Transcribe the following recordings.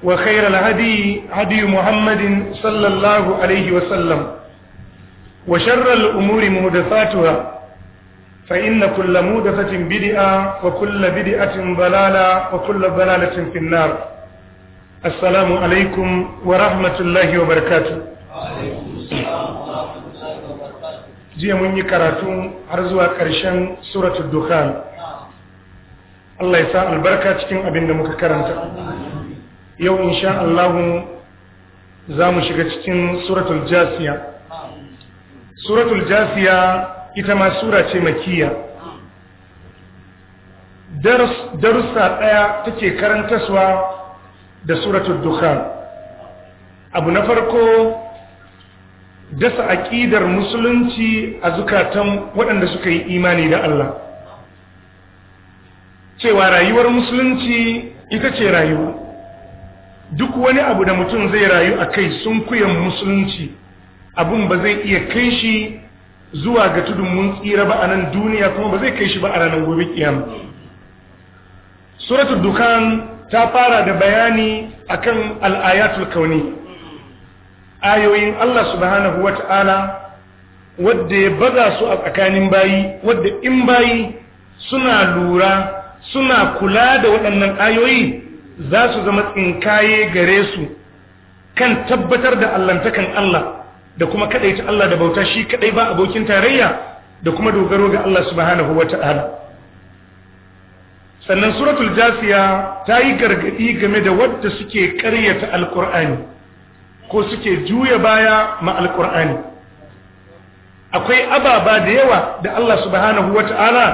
وخير الهدي هدي محمد صلى الله عليه وسلم وشر الأمور مهدفاتها فإن كل مهدفة بدئة وكل بدئة ضلالة وكل ضلالة في النار السلام عليكم ورحمة الله وبركاته jiya mun yi karatu har zuwa ƙarshen suratul dukhan Allah ya sa albarka cikin abin da muka karanta yau insha Allah za mu shiga cikin suratul jasiya suratul jasiya ita ma sura ce makiya darussa ɗaya take karantaswa da suratul dukhan abu na farko dasa aƙidar musulunci a zukatan waɗanda suka yi imani da Allah cewa rayuwar musulunci ita ce rayuwa duk wani abu da mutum zai rayu a kai sun kuyan musulunci abun ba zai iya kai shi zuwa ga tudun mun tsira ba a nan duniya kuma ba zai kai shi ba a ranar gobe kiyama suratul dukan ta fara da bayani akan al'ayatul kauni ayoyin Allah subhanahu wata'ala wadda ya baza su a tsakanin bayi wadda in bayi suna lura suna kula da waɗannan ayoyi za su zama tsinkaye gare su kan tabbatar da allantakan Allah da kuma ta Allah da bauta shi kadai ba abokin tarayya da kuma dogaro ga Allah subhanahu wata'ala sannan suratul jasiya ta yi gargadi game da wadda suke karyata alkur'ani ko suke juya baya ma alkur'ani akwai ababa da yawa da Allah subhanahu ta'ala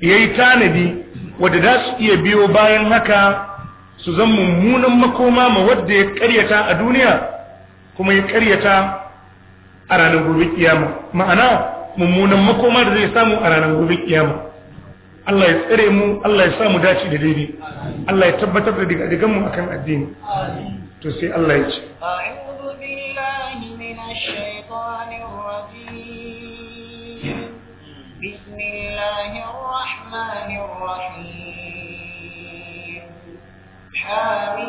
ya yi tanadi wadda za su iya biyo bayan haka su zan mummunan makoma ma wadda ya karyata a duniya kuma ya karyata a ranar gobe kiyama ma'ana mummunan makoma da zai samu a ranar gobe kiyama Allah ya tsare mu Allah ya samu dace da daidai Allah ya tabbatar da diga mu akan addini to sai Allah ya ce a'udhu billahi Allah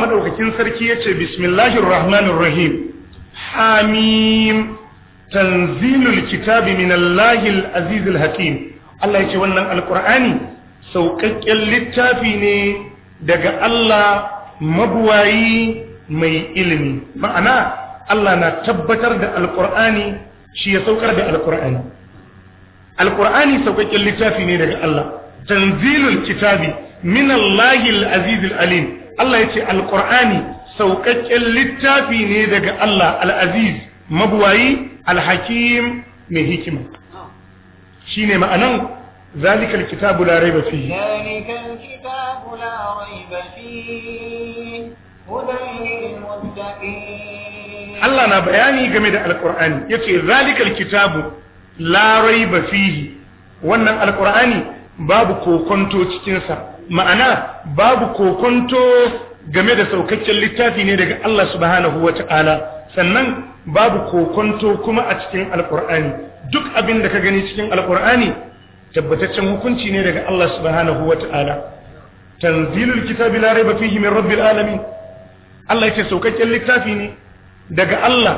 maɗaukakin sarki ya ce, Bismillahir Rahmanir Rahim, Hamim, tanzilul kitabi minallahi al’azizul hakim. Allah ya ce wannan alƙur'ani sauƙaƙƙen littafi ne daga Allah mabuwayi mai ilimi ma'ana Allah na tabbatar da alƙur'ani shi ya saukar da alƙur'ani alƙur'ani sauƙaƙƙen littafi ne daga Allah tanzilul kitabi min Allahil azizil alim Allah ya ce alƙur'ani sauƙaƙƙen littafi ne daga Allah al'aziz mabuwayi alhakim mai hikima shine ma'anan ذلك الكتاب لا ريب فيه ذلك الكتاب لا ريب فيه هدى للمتقين الله na bayani game da alqur'ani yace zalikal kitabu la raiba fihi wannan alqur'ani babu kokonto cikin sa ma'ana babu kokonto game da saukakken littafi ne daga Allah subhanahu wata'ala sannan babu kokonto kuma a cikin alqur'ani duk abin da ka gani cikin alqur'ani tabbataccen hukunci ne daga Allah subhanahu wata'ala tanzilul kitabi la raiba fihi rabbi alamin Allah ce saukakken littafi ne daga Allah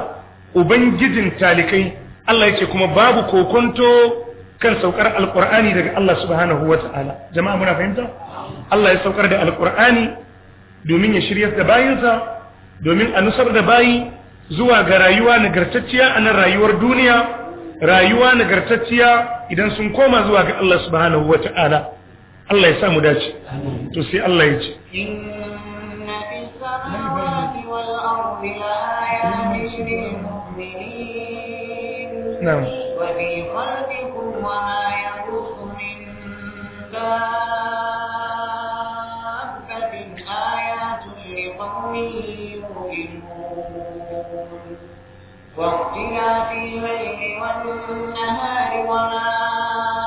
ubangijin talikai Allah ce kuma babu kokonto kan saukar alkur'ani daga Allah subhanahu wata'ala jama'a muna fahimta Allah ya saukar da alkur'ani domin ya shiryar da bayinsa domin a nusar da bayi zuwa ga rayuwa nagartacciya a nan rayuwar duniya rayuwa nagartacciya idan sun koma zuwa ga Allah subhanahu wa ta'ala Allah ya samu dace to sai Allah ya ce نعم وفي خلقكم وما يخص من دابة آيات لقوم واختلاف الليل والنهار وما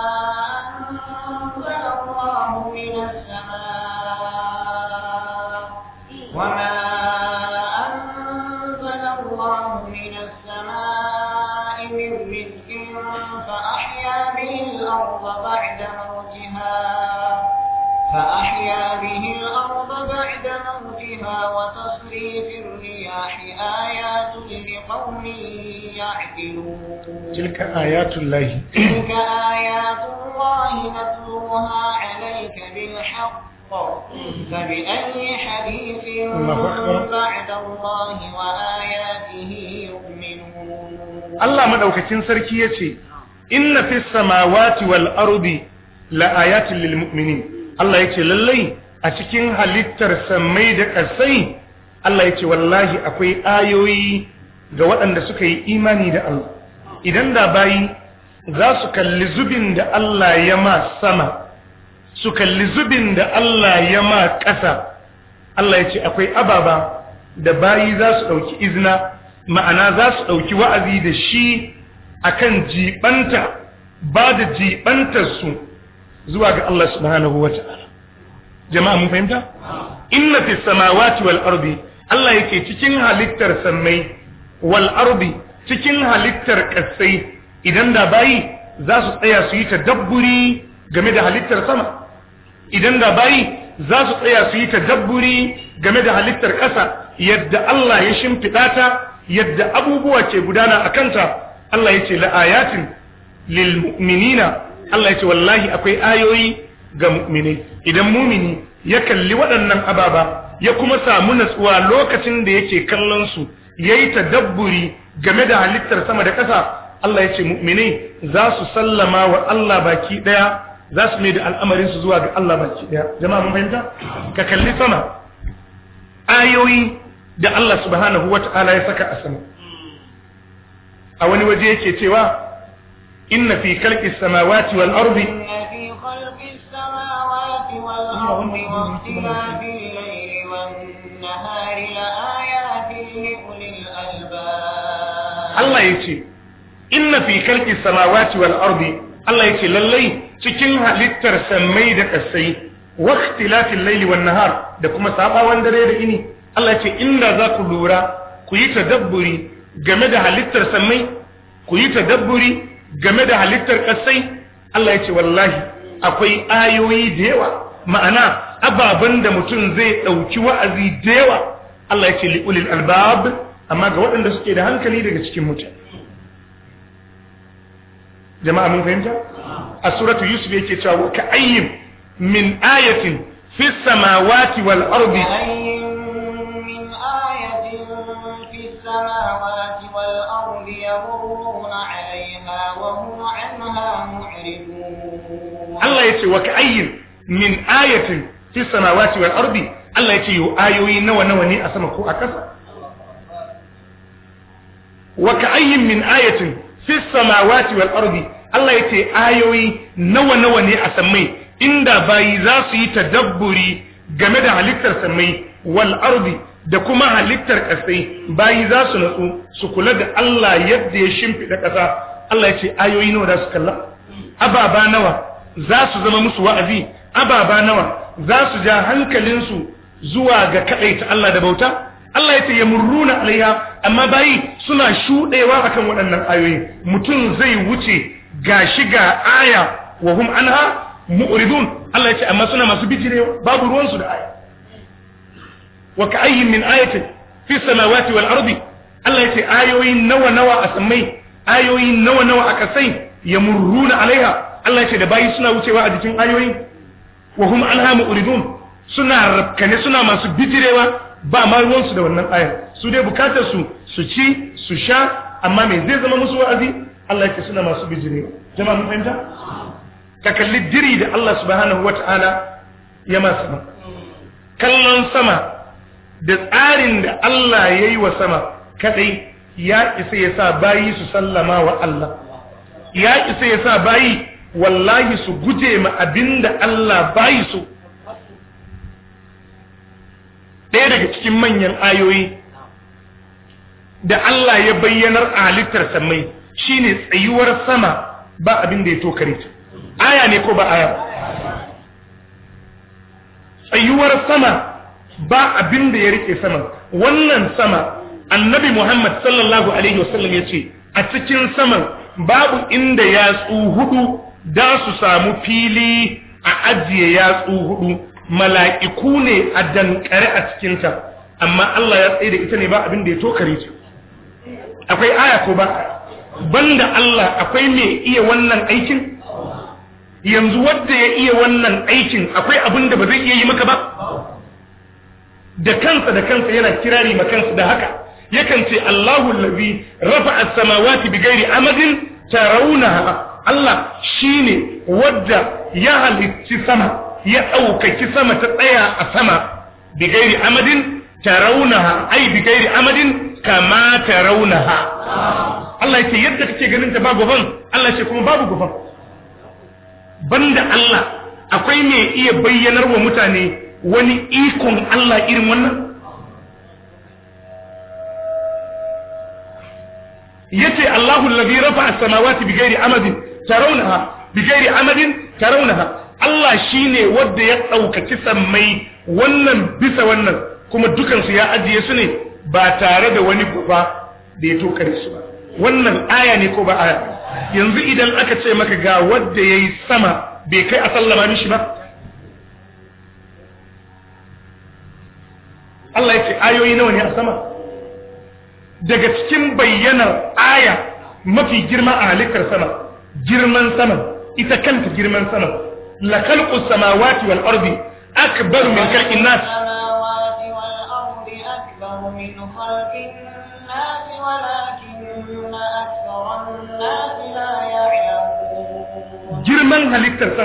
تلك آيات الله تلك آيات الله نتلوها عليك بالحق فبأي حديث بعد الله وآياته يؤمنون الله مدوكتين سركيتي إن في السماوات والأرض لآيات للمؤمنين الله يتي للي أتكين هلتر سميدك السيد Allah ya ce wallahi akwai ayoyi ga waɗanda suka yi imani da Allah idan da bayi za su kalli zubin da Allah ya ma sama su kalli zubin da Allah ya ma ƙasa Allah ya ce akwai ababa da bayi za su ɗauki izina ma'ana za su ɗauki wa'azi da shi akan jibanta ba da jibantarsu zuwa ga Allah subhanahu wa ta'ala jama'a mun fahimta inna fis samawati wal ardi Allah yake cikin halittar sammai wal ardi cikin halittar kasai idan da bayi za su tsaya su yi tadabburi game da halittar sama idan da bayi za su tsaya su yi dabburi game da halittar ƙasa yadda Allah ya shimfiɗa ta yadda abubuwa ke gudana a kanta Allah ya ce la'ayatin lilmuminina Allah ya ce wallahi akwai ayoyi ga mu'mini idan mumini ya kalli waɗannan ababa ya kuma samu natsuwa lokacin da yake kallon su yayi tadabburi game da halittar sama da ƙasa Allah ya ce mu'mini za su sallama wa Allah baki ɗaya za su mai da al'amarin su zuwa ga Allah baki ɗaya jama'a mun fahimta ka kalli sama ayoyi da Allah subhanahu wata'ala ya saka a sama a wani waje yake cewa inna fi khalqis samawati wal ardi والنهار لآيات لأولي الألباب Allah ya ce inna fi kalki samawati wal ardi Allah ya ce lallai cikin halittar sammai da kasai wa ikhtilafil layli wan nahar da kuma sabawan dare da ini Allah ya ce inda za ku lura ku yi dabburi game da halittar sammai ku yi tadabburi game da halittar kasai Allah ya ce wallahi akwai ayoyi da yawa ma'ana ababan da mutum zai ɗauki wa'azi da yawa Allah ya ce liulil albab amma ga waɗanda suke da hankali daga cikin mutane jama'a mun fahimta a suratu yusuf yake cewa ka ayyin min ayatin fi samawati wal ardi Allah ya ce wa ka ayyin min ayatin fi samawati wal ardi Allah ya ce yo ayoyi nawa nawa ne a sama ko a ƙasa wa ka'ayyin min ayatin fis samawati wal ardi Allah yace ayoyi nawa nawa ne a sammai inda bayi za su yi dabburi game da halittar sammai wal da kuma halittar kasai bayi za su natsu su kula da Allah yadda ya shimfida kasa Allah ce ayoyi nawa za su kalla ababa nawa za su zama musu wa'azi ababa nawa za su ja hankalinsu zuwa ga ta Allah da bauta Allah ya ce ya murruna alaiha amma bayi suna shudewa akan waɗannan ayoyi mutum zai wuce gashi ga aya wa hum anha mu'ridun Allah ya ce amma suna masu bijire babu ruwan su da aya wa ka'ayyin min ayatin fi samawati wal ardi Allah ya ce ayoyi nawa nawa a samai ayoyi nawa nawa a kasai ya murruna alaiha Allah ya ce da bayi suna wucewa a jikin ayoyi wa hum anha mu'ridun suna rakkane suna masu bijirewa ba ma ruwansu da wannan ayar su dai bukatar su su ci su sha amma mai zai zama musu wa'azi Allah yake suna masu bijire jama'a mun fahimta ka kalli diri da Allah subhanahu wata'ala ya ma sama kallon sama da tsarin da Allah ya yi wa sama kadai ya isa ya sa bayi su sallama wa Allah ya isa ya sa bayi wallahi su guje ma abinda Allah bayi su ɗaya daga cikin manyan ayoyi da Allah ya bayyanar a halittar samai ne tsayuwar sama ba abin da ya tokare ta aya ne ko ba aya tsayuwar sama ba abin da ya rike sama wannan sama annabi Muhammad sallallahu alaihi wasallam ya ce a cikin saman babu inda yatsu hudu da su samu fili a ajiye yatsu hudu mala'iku ne a dankare a cikinta amma Allah ya tsaye da ita ne ba abin da ya tokare ta akwai aya ko ba banda Allah akwai me iya wannan aikin yanzu wadda ya iya wannan aikin akwai abin da ba zai iya yi maka ba da kansa da kansa yana kirari ma kansa da haka yakan ce Allahu allazi rafa'a as-samawati bighairi amadin tarawunaha Allah shine wadda ya halitta sama ya ɗaukaki sama ta tsaya a sama Bigairi Amadin ta raunaha. ai Bigairi amadin kama ta raunaha. Allah yake yadda kake ganin ta ba gufan Allah ce kuma babu gufan banda Allah akwai mai iya bayyanar wa mutane wani ikon Allah irin wannan yace Allahu allazi rafa'a as-samawati bi ghairi amadin tarawunaha bi ghairi amadin tarawunaha Allah shi ne wadda ya ɗaukaci sammai wannan bisa wannan kuma dukansu ya ajiye su ne ba tare da wani guba da ya tokare su ba wannan aya ne ko ba aya yanzu idan aka ce maka ga wadda ya yi sama bai kai a sallama mishi ba Allah ya ce ayoyi nawa ne a sama daga cikin bayyanar aya mafi girma a halittar sama girman sama ita kanta girman sama لخلق السماوات والأرض أكبر من خلق الناس السماوات والأرض أكبر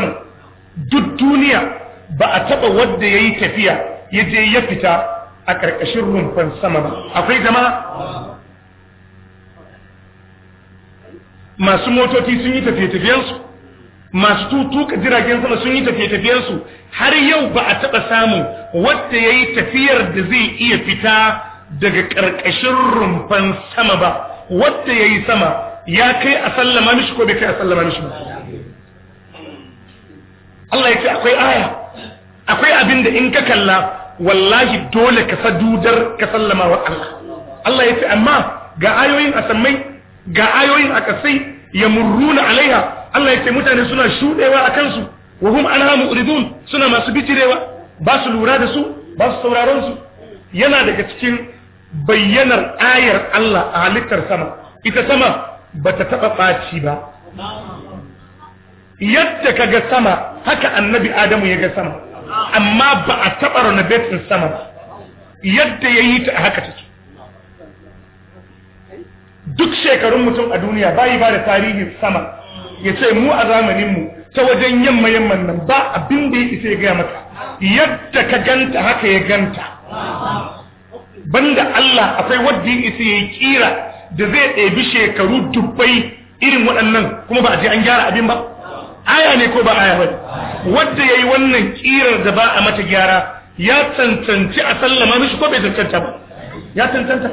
من duk duniya ba a taba wanda yayi tafiya ya je ya fita a ƙarƙashin rumfan sama ba akwai jama'a masu motoci sun yi tafiye-tafiyensu masu tutuƙa jiragen sama sun yi tafiye-tafiyarsu har yau ba a taɓa samu wadda ya yi tafiyar da zai iya fita daga ƙarƙashin rumfan sama ba wadda ya yi sama ya kai a sallama mishi ko bai kai a sallama mishi ba Allah ya ce akwai aya akwai abin da in ka kalla wallahi dole ka sadudar ka sallama wa Allah Allah ya ce amma ga ayoyin a ga ayoyin a kasai ya murruna alaiha Allah yake mutane suna shudewa a kansu wa hum anha mu'ridun suna masu bijirewa ba su lura da su ba su sauraron su yana daga cikin bayyanar ayar Allah a halittar sama ita sama bata taba baci ba yadda kaga sama haka annabi Adamu ya ga sama amma ba a taba renovating sama ba yadda yayi ta haka take duk shekarun mutum a duniya bai ba da tarihin sama ya ce mu a zamaninmu ta wajen yamma yamman nan ba abin da ya isa ya gaya mata yadda ka ganta haka ya ganta banda Allah akwai wadda ya isa ya kira da zai ɗebi shekaru dubbai irin waɗannan kuma ba a je an gyara abin ba aya ne ko ba aya ba wadda ya yi wannan kirar da ba a mata gyara ya cancanci a sallama mishi ko bai cancanta ba ya cancanta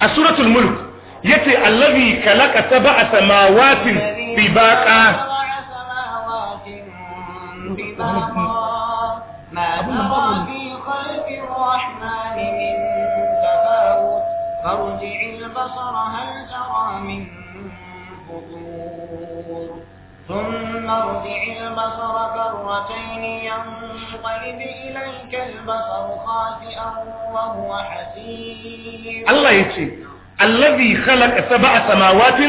a suratul mulk yace allazi khalaqa sab'a samawatin tibaqa ما ترى في خلق الرحمن من تفاوت فارجع البصر هل ترى من فطور ثم ارجع البصر كرتين ينقلب اليك البصر خاسئا وهو حسير الله يتي الذي خلق سبع سماوات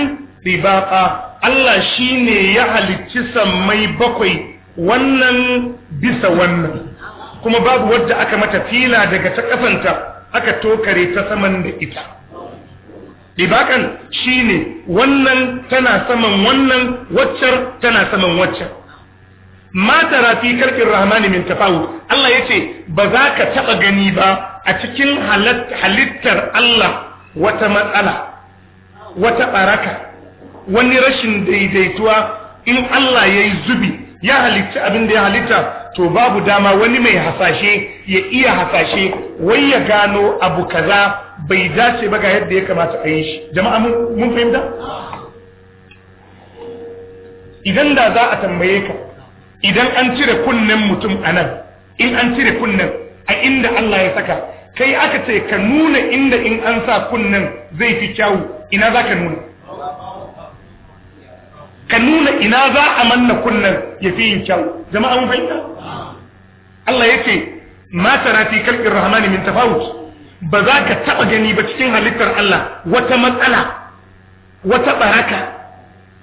رباقا الله شيني يحل تسمى مي بقوي wannan bisa wannan kuma babu wadda aka mata fila daga ta kafanta aka tokare shi shine wannan tana saman wannan waccar tana saman waccar mata rafi karkin rahmani min tafawut Allah yace ba za ka taba gani ba a cikin halittar Allah wata matsala wata baraka wani rashin daidaituwa in Allah yayi zubi ya halitta abin da ya halitta to babu dama wani mai hasashe ya iya hasashe wai ya gano abu kaza bai dace ba ga yadda ya kamata a yi shi jama'a mun fahimta idan da za a tambaye ka idan an cire kunnen mutum a nan in an cire kunnen a inda Allah ya saka kai aka ce ka nuna inda in an sa kunnen zai fi kyawu ina za ka nuna ka nuna ina za a manna kunnen ya fi yin kyawu jama'a mun fahimta Allah ya ce ma tara fi kalbin rahmani min tafawut ba za ka taɓa gani ba cikin halittar Allah wata matsala wata baraka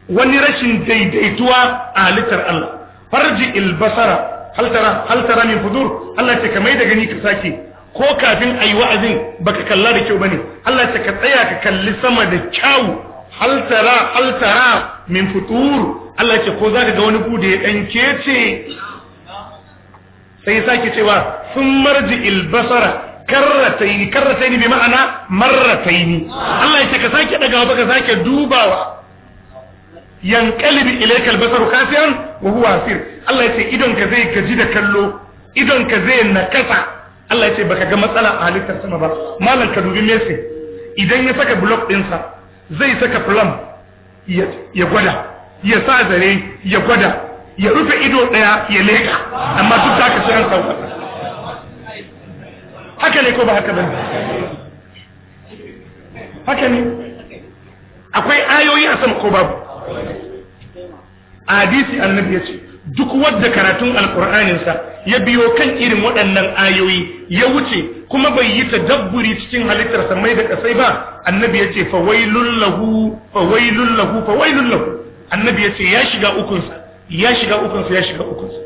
wani rashin daidaituwa a halittar Allah farji ilbasara haltara haltara min fudur Allah ce ka mai da gani ka sake ko kafin ayi wa'azin baka kalla da kyau bane Allah ce ka tsaya ka kalli sama da kyau haltara haltara min fudur. Allah ce ko zaka ga wani gude ya dan kece sai sake cewa sun marji ilbasara karrataini karrataini bi ma'ana marrataini Allah ya ce ka sake daga ba ka sake dubawa yanqalibi ilayka albasaru kasiran wa huwa asir Allah ya ce idon ka zai gaji da kallo idon ka zai nakasa Allah ya ce baka ga matsala a halittar sama ba malam ka dubi Messi idan ya saka block ɗinsa zai saka plum ya gwada ya sa zare ya gwada ya rufe ido ɗaya ya leka amma duk da ka sai an sauka haka ne ko ba haka bane haka ne akwai ayoyi a sama ko babu hadisi annabi ya ce duk wadda karatun alkur'aninsa ya biyo kan irin waɗannan ayoyi ya wuce kuma bai yi tadabburi cikin halittarsa mai da ƙasai ba annabi ya ce fawailun lahu fawailun lahu fawailun lahu annabi ya ce ya shiga ukunsa ya shiga ukunsa ya shiga ukunsa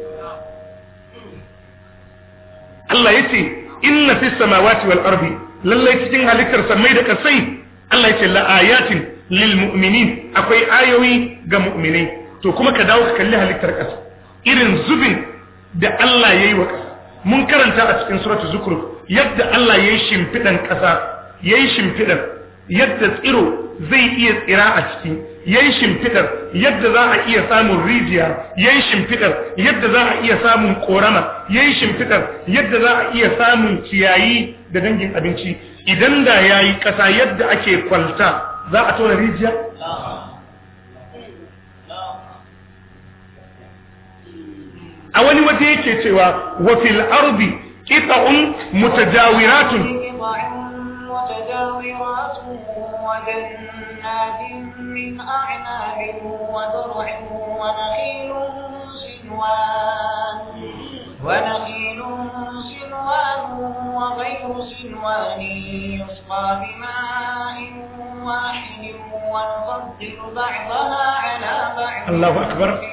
Allah ya ce inna fis samawati wal ardi lallai cikin halittar mai da kasai Allah yace la ayatin lil mu'minin akwai ayoyi ga mu'minai to kuma ka dawo ka kalli halittar kasa irin zubin da Allah yayi wa kasa mun karanta a cikin suratul zukhruf yadda Allah yayi shimfidan kasa yayi shimfidan yadda tsiro zai iya tsira a ciki yayi shimfidar yadda za a iya samun rijiya yayi shimfidar yadda za a iya samun korama yayi shimfidar yadda za a iya samun ciyayi da dangin abinci idan da yayi kasa yadda ake kwalta za a tona rijiya a wani waje yake cewa wa fil ardi qita'un mutajawiratun متجاورات وجنات من أعناب وزرع ونخيل صنوان ونخيل صنوان وغير صنوان يسقى بماء واحد ونفضل بعضها على بعض الله أكبر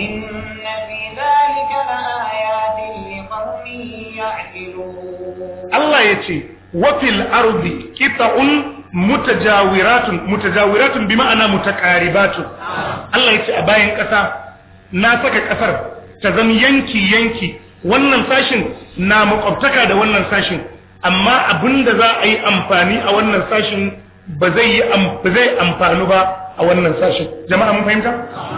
إن في ذلك لآيات لقوم يعقلون الله يتي wa fil ardi qita'un mutajawiratun mutajawiratun bi ma'ana mutaqaribatun Allah yace a bayan kasa na saka kasar ta zama yanki yanki wannan sashin na makwabtaka da wannan sashin amma abinda za a yi amfani a wannan sashin ba zai yi amfani ba a wannan sashin jama'a mun fahimta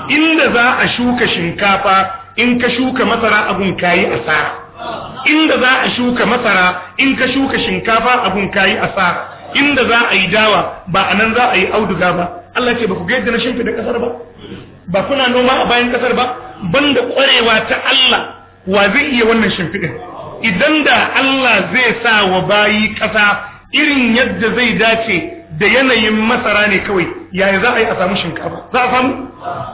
inda za a shuka shinkafa in ka shuka masara abun kayi asara inda za a shuka masara in ka shuka shinkafa abun kayi asa inda za a yi dawa ba anan za a yi auduga ba Allah ce ba ku ga yadda na shimfida kasar ba ba kuna noma a bayan kasar ba banda kwarewa ta Allah wa zai iya wannan shimfidin idan da Allah zai sa wa bayi kasa irin yadda zai dace da yanayin masara ne kawai yaya za a yi a samu shinkafa za a samu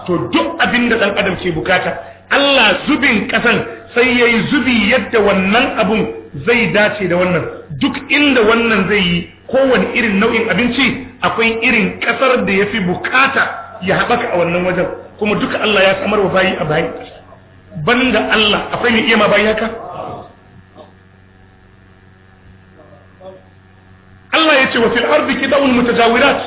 to duk abin da ɗan adam ke bukata Allah zubin ƙasan sai ya yi zubi yadda wannan abun zai dace da wannan duk inda wannan zai yi kowane irin nau'in abinci akwai irin ƙasar da ya fi bukata ya haɓaka a wannan wajen kuma duka Allah ya samar wa bayi a bayi banda Allah akwai mai iya ma bayi haka Allah ya ce wa fil ardi kidaun mutajawirat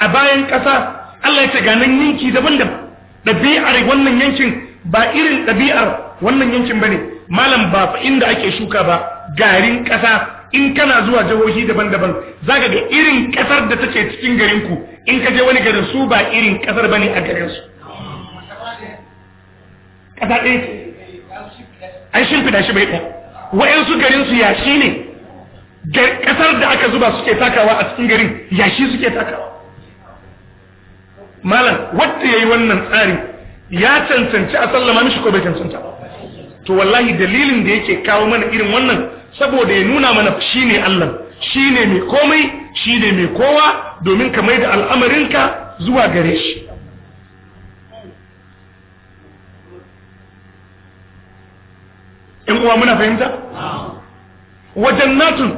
a bayan ƙasa Allah ya ce ga nan yanki daban-daban da ɗabi'ar wannan yankin ba irin ɗabi'ar wannan yankin ba ne malam ba inda ake shuka ba garin ƙasa in kana zuwa jihohi daban-daban ka ga irin ƙasar da take cikin garin ku in ka je wani garin su ba irin ƙasar ba ne a garin su ƙasa ɗaya ce an shimfiɗa shi bai ɗaya wa'yansu garin su yashi ne ƙasar da aka zuba suke takawa a cikin garin yashi suke takawa malam wadda ya yi wannan tsarin ya cancanci a sallama mishi ko bai cancanta to wallahi dalilin da yake kawo mana irin wannan saboda ya nuna mana shine Allah shine mai komai shine mai kowa domin ka maida al'amarinka zuwa gare shi in muna fahimta wajen natun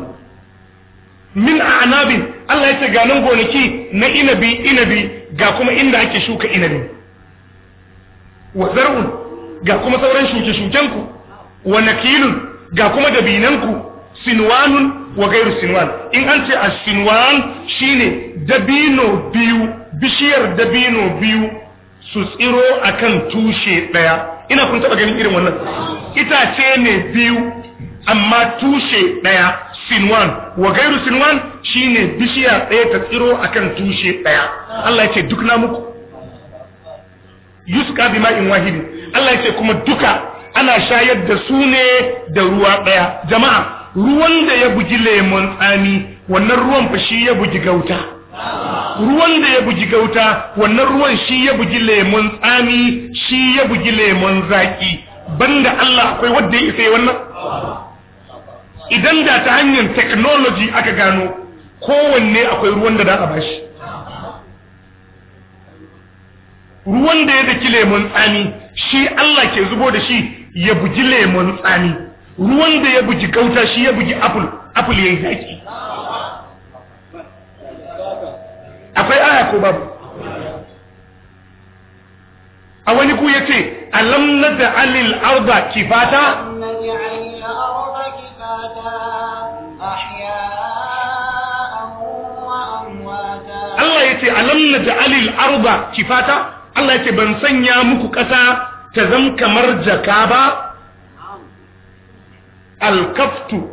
min a a'nabin Allah ya ce ganin gonaki na inabi inabi ga kuma inda ake shuka inabi wa zar'un ga kuma sauran shuke-shukenku wa nakilun ga kuma dabinanku sinwanun wa gairu sinwan in an ce as-sinwan shine dabino biyu bishiyar dabino biyu su tsiro akan tushe daya ina kun taba ganin irin wannan itace ne biyu amma tushe daya sinwan wa gairu sinwan shine bishiya daya ta tsiro akan tushe daya Allah ya ce duk na muku bi ma'in wahid Allah yace kuma duka ana shayar da su ne da ruwa daya jama'a ruwan da ya bugi lemon tsami wannan ruwan fa shi ya bugi gauta ruwan da ya bugi gauta wannan ruwan shi ya bugi lemon tsami shi ya bugi lemon zaki banda Allah akwai wanda ya isa wannan idan da ta hanyar technology aka gano kowanne akwai ruwan da za a bashi ruwan da ya daki lemun tsami shi Allah ke zubo da shi ya buji lemun tsami ruwan da ya buji gauta shi ya buji apple apple yayi zaki akwai aya ko babu a wani ku yace alam naj'al alil arda kifata Allah yace alam naj'al alil arda kifata Allah yake ban sanya muku ƙasa ta zam kamar jaka ba alkaftu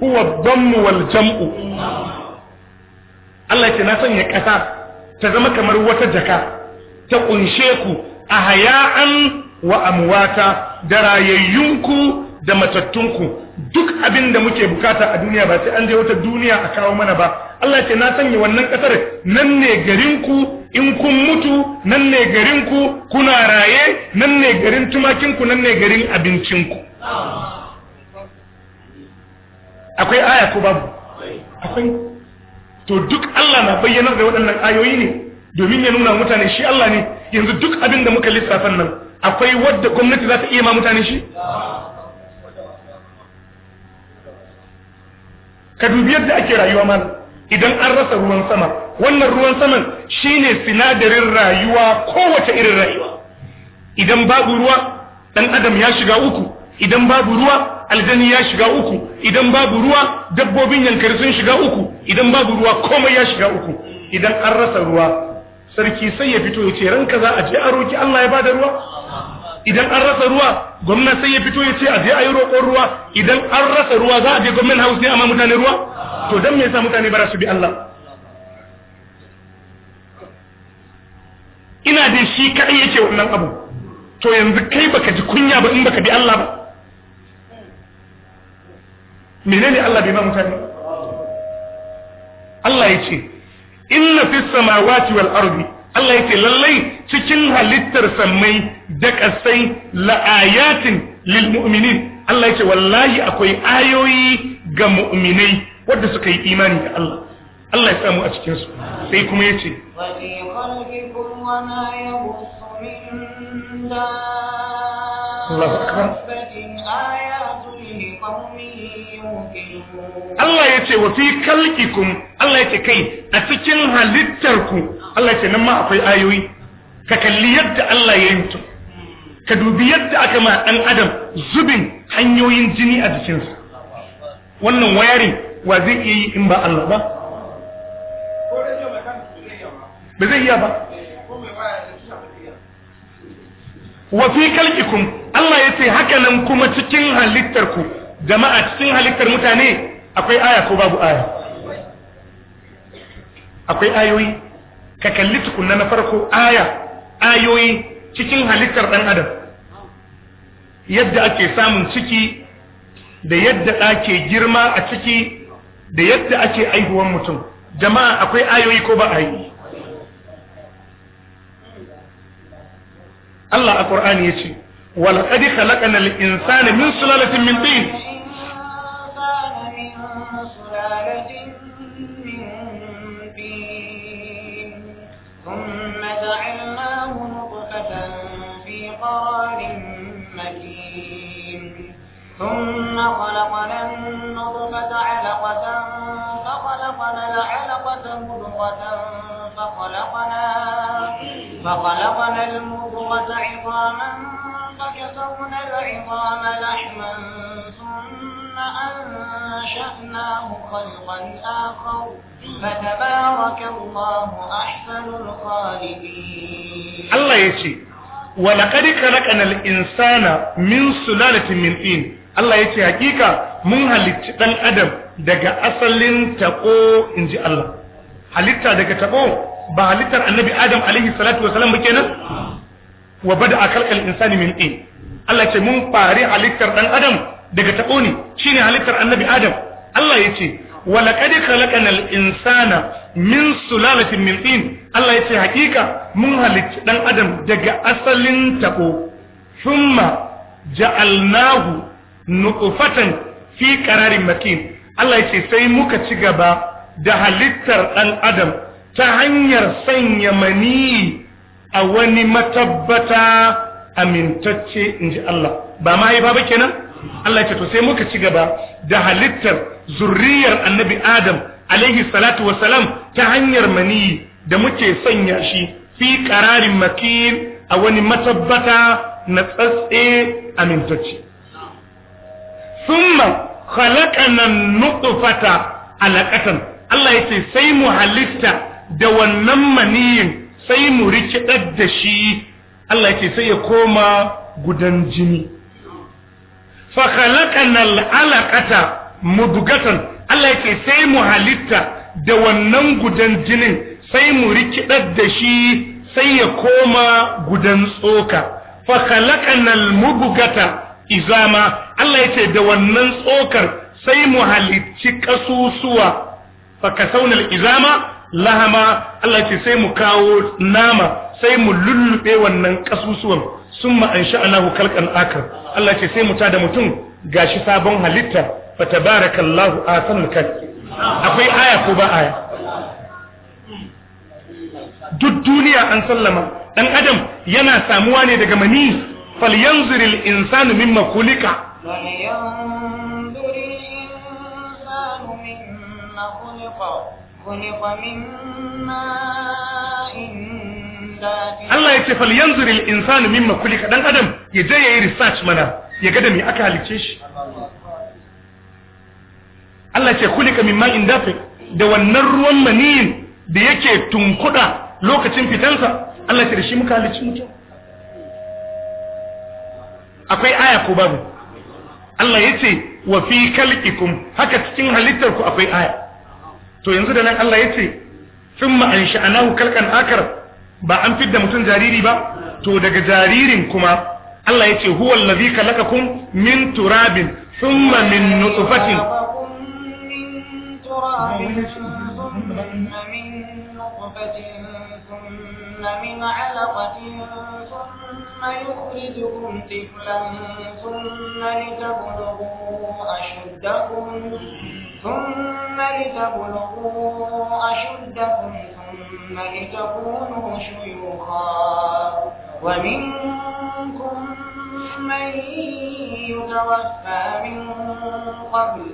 huwa dhammu wal jam'u Allah yake na sanya ƙasa ta zama kamar wata jaka ta kunshe ku a haya'an wa amwata da rayayyunku da matattunku duk abin da muke bukata a duniya ba sai an je wata duniya a kawo mana ba Allah ce na sanya wannan kasar nan ne garinku in kun mutu nan ne garinku kuna raye nan ne garin tumakinku nan ne garin abincinku akwai aya ko babu akwai to duk Allah na bayyanar da waɗannan ayoyi ne domin ya nuna mutane shi Allah ne yanzu duk abin da muka lissafan nan akwai wadda gwamnati za ta iya ma mutane shi ka dubi yadda ake rayuwa mana, idan an rasa ruwan sama wannan ruwan saman shine sinadarin rayuwa kowace irin rayuwa idan babu ruwa dan adam ya shiga uku idan babu ruwa aljani ya shiga uku idan babu ruwa dabbobin yankari sun shiga uku idan babu ruwa komai ya shiga uku idan an rasa ruwa sarki sai ya fito ya ce ranka za a je a roki Allah ya bada ruwa idan an rasa ruwa gwamnati sai ya fito ya ce a je a yi roƙon ruwa idan an rasa ruwa za a je gwamnati hausa ne amma mutane ruwa to dan me yasa mutane bara su bi Allah ina da shi kadai yake wannan abu to yanzu kai baka ji kunya ba in baka bi Allah ba menene Allah bai ma mutane Allah ya ce inna fis samawati wal ardi Allah ce lallai cikin halittar sammai da kasai la'ayatin lil mu'minin Allah ce wallahi akwai ayoyi ga mu'minai wanda suka yi imani da Allah Allah ya samu a cikin su sai kuma yace wa fi khalqikum wa ma min Allah ya ce wa fi kalkikum Allah ya ce kai a cikin halittarku Allah ya ce nan ma akwai ayoyi ka kalli yadda Allah ya yi mutum ka dubi yadda aka ma ɗan adam zubin hanyoyin jini a jikinsa wannan wayarin wa zai iya yi in ba Allah ba ba zai iya ba wa fi kalkikum Allah ya ce haka nan kuma cikin halittarku jama'a cikin halittar mutane akwai aya ko babu aya akwai ayoyi ka kalli tukunna na farko aya ayoyi cikin halittar ɗan adam yadda ake samun ciki da yadda ake girma a ciki da yadda ake aihuwan mutum jama'a akwai ayoyi ko ba ayoyi Allah a Qur'ani yace wal qad khalaqana al insana min sulalatin min tin سلالة من طين ثم جعلناه نطفة في قرار مكين ثم خلقنا النطفة علقة فخلقنا العلقة مضغة فخلقنا فخلقنا المضغة عظاما فكسونا العظام لحما أنشأناه خلقا آخر فتبارك الله أحسن الخالقين الله يشي ولقد خلقنا الإنسان من سلالة من طين Allah ya ce hakika mun halicci ɗan adam daga asalin taɓo in ji Allah halitta daga taɓo ba halittar annabi adam alaihi salatu wa salam ba kenan wa bada a kalkal insani min ɗin Allah ce mun fari halittar ɗan adam daga tabo ne shine halittar annabi adam Allah yace wa laqad khalaqnal insana min sulalatin min tin Allah yace hakika mun halicci dan adam daga asalin tabo thumma ja'alnahu nuqfatan fi qararin makin Allah ce sai muka ci gaba da halittar dan adam ta hanyar sanya mani a wani matabbata amintacce in ji Allah ba mahaifa ba kenan Allah ya ce to sai muka ci gaba da halittar zurriyar annabi Adam alaihi salatu salam ta hanyar mani da muke sanya shi fi qararin makin a wani matabbata na tsatse amintacce thumma khalaqana nutfata alaqatan Allah ya ce sai mu halitta da wannan maniyin sai mu rikidar da shi Allah ya ce sai ya koma gudan jini fa khalaqanal alaqata Allah yake sai mu halitta da wannan gudan jinin sai mu rikidar da shi sai ya koma gudan tsoka fa khalaqanal mudugata izama Allah yace da wannan tsokar sai mu halicci kasusuwa fa izama lahama Allah yace sai mu kawo nama sai mu lullube wannan kasusuwan summa ansha'nahu khalqan akar Allah ce sai mu tada mutum gashi sabon halitta fa tabarakallahu ahsanul khaliqin akwai aya ko ba aya duk duniya an sallama dan adam yana samuwa ne daga mani falyanzuril insanu mimma khuliqa خلق من ماء Allah ya ce fal yanzur al insanu mimma kulika dan adam ya je yayi research mana ya ga da me aka halice shi Allah ya ce kulika mimma indafi da wannan ruwan maniyin da yake tunkuda lokacin fitansa Allah ya ce da shi muka halice mutum akwai aya ko babu Allah ya ce wa fi kalqikum haka cikin halittar ku akwai aya to yanzu da nan Allah ya ce thumma ansha'nahu kalqan akar ba an fidda mutum jariri ba to daga jaririn kuma Allah ya ce huwa allazi khalaqakum min turabin thumma min nutfatin ثم لتبلغوا أشدكم ثم لتكونوا شيوخا ومنكم من يتوفى من قبل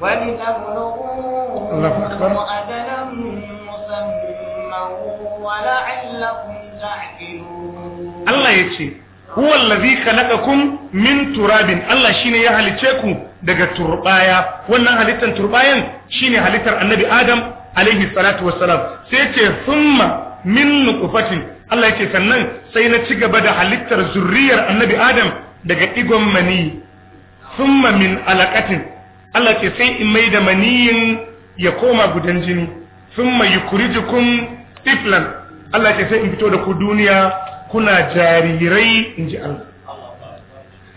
ولتبلغوا أجلا مسمى ولعلكم تعقلون الله يتشي هو الذي خلقكم min turabin Allah shine ya halice ku daga turbaya wannan halittar turbayan shine halittar annabi Adam alaihi salatu wassalam sai ce thumma min nuqfatin Allah yake sannan sai na cigaba da halittar zurriyar annabi adam daga igon mani thumma min alaqatin Allah ce sai in mai da maniyin ya koma gudan jini thumma yukrijukum tiflan Allah ce sai in fito da ku duniya kuna jarirai inji Allah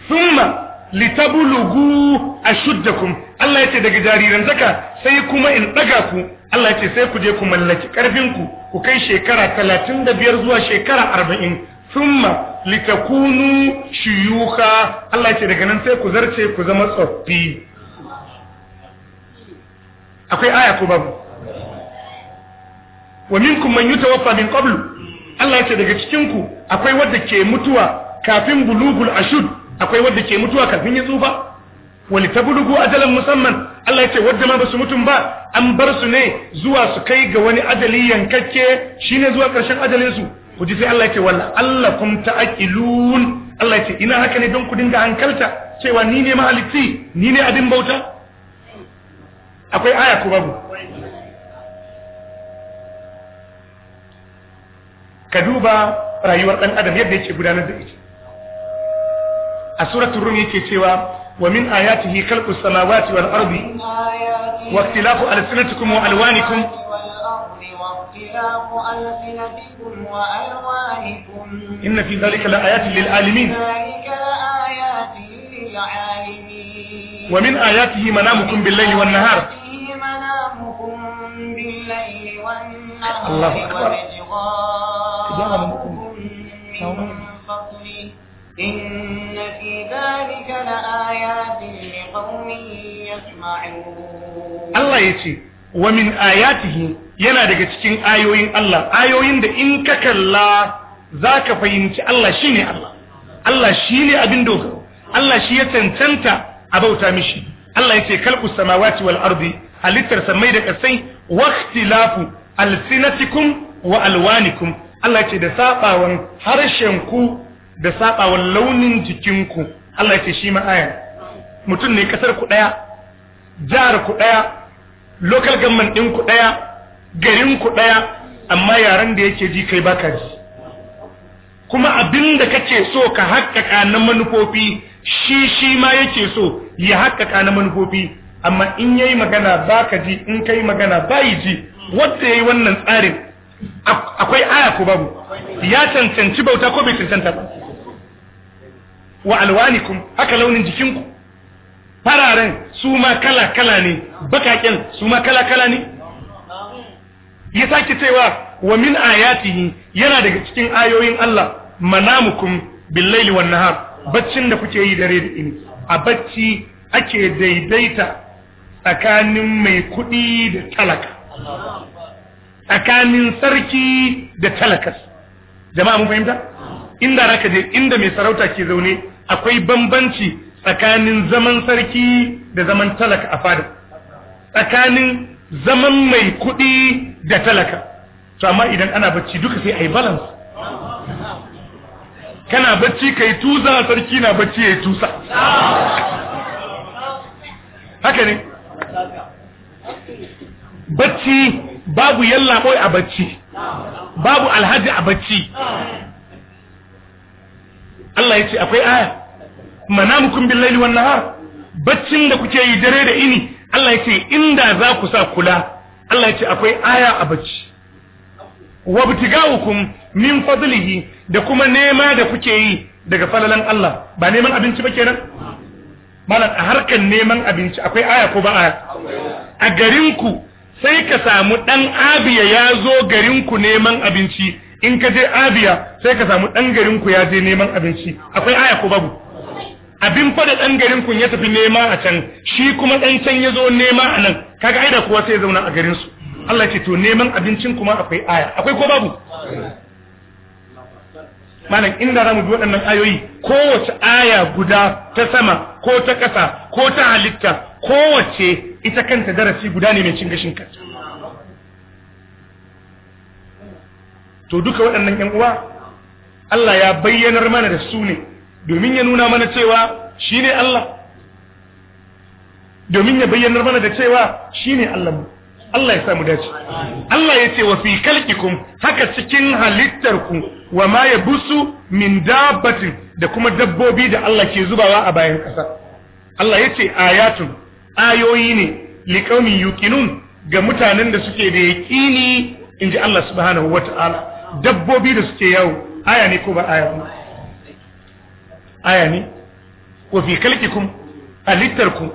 thumma litabulugu ashuddakum Allah yace daga zaka sai kuma in daga ku Allah yace sai ku je ku mallaki karfin ku ku kai shekara 35 zuwa shekara 40 thumma litakunu shuyukha Allah yace daga nan sai ku zarce ku zama tsoffi akwai aya ko babu wa minkum man yutawaffa min qablu Allah yace daga cikin ku akwai wanda ke mutuwa kafin bulugul ashud akwai wadda ke mutuwa kafin ya tsufa wani ta bulugu ajalan musamman Allah ya ce wadda ma basu mutum ba an bar su ne zuwa su kai ga wani ajali yankakke shine zuwa ƙarshen ajalinsu ku ji sai Allah ya ce walla kum ta'qilun Allah ya ce ina haka ne don ku dinga hankalta cewa ni ne mahalicci ni ne abin bauta akwai aya ko babu ka duba rayuwar dan adam yadda yake gudanar da ita a suratul rum yake cewa wa min ayatihi khalqus samawati wal ardi wa ikhtilafu alsinatikum wa alwanikum إن في ذلك لآيات للعالمين ومن آياته منامكم بالليل والنهار الله أكبر إن في ذلك لآيات لقوم يسمعون الله يتي ومن آياته yana daga cikin ayoyin Allah ayoyin da in ka kalla za ka fahimci Allah shi ne Allah Allah shi ne abin dogaro Allah shi ya cancanta a bauta mishi Allah ya ce kalku samawati wal ardi halittar samai da kasai waqtilafu alsinatikum wa alwanikum Allah ya ce da sabawan harshen ku da sabawa launin jikinku Allah ya ce shi ma mutum ne kasar ku daya jihar ku daya local government din ku daya garin ku daya amma yaran da yake ji kai baka ji kuma abinda kake so ka hakkaka na manufofi shi shi ma yake so ya hakkaka na manufofi amma in yayi magana baka ji in kai magana bai ji wanda yayi wannan tsarin akwai aya ko babu ya cancanci bauta ko bai cancanta ba wa alwanikum haka launin jikinku fararen su ma kala-kala ne bakaken su ma kala-kala ne ya sake cewa wa min ayatihi yana daga cikin ayoyin Allah manamukum billaili wan nahar baccin da kuke yi dare da ini a bacci ake daidaita tsakanin mai kuɗi da talaka tsakanin sarki da talakas jama'a mun fahimta inda raka je inda mai sarauta ke zaune akwai bambanci tsakanin zaman sarki da zaman talaka a fadin tsakanin zaman mai kuɗi da talaka to amma idan ana bacci duka sai a yi balance kana bacci ka yi tusa sarki na bacci ya yi tusa haka ne bacci babu yallaɓoi a bacci babu alhaji a bacci Allah ya ce akwai aya manamukum bil wan nahar baccin da kuke yi dare da ini Allah ya ce inda za ku sa kula Allah ya ce akwai aya a bacci wabtigaukum min fadlihi da kuma nema da kuke yi daga falalan Allah ba neman abinci ba kenan malam a harkar neman abinci akwai aya ko ba aya a garinku sai ka samu dan abiya ya zo garinku neman abinci in ka je abiya sai ka samu ɗan garin ku ya je neman abinci akwai aya ko babu abin fa ɗan garinku ya tafi nema a can shi kuma ɗan can ya zo nema a nan kaga aida kuwa sai ya zauna a garin Allah ce to neman abincin kuma akwai aya akwai ko babu malam inda zamu bi waɗannan ayoyi kowace aya guda ta sama ko ta ƙasa ko ta halitta kowace ita kanta darasi guda ne mai cin gashin kanta to duka waɗannan ƴan uwa Allah ya bayyanar mana da su ne domin ya nuna mana cewa shine Allah domin ya bayyanar mana da cewa shine Allah mu Allah ya samu dace Allah ya ce wa fi kalkikum haka cikin halittarku wa ma ya busu min dabbatin da kuma dabbobi da Allah ke zubawa a bayan ƙasa Allah ya ce ayatun ayoyi ne liqaumin yuqinun ga mutanen da suke da yaqini inji Allah subhanahu wataala dabbobi da suke yawo aya ne ko ba aya ba aya ne wa fi kalkikum alittarku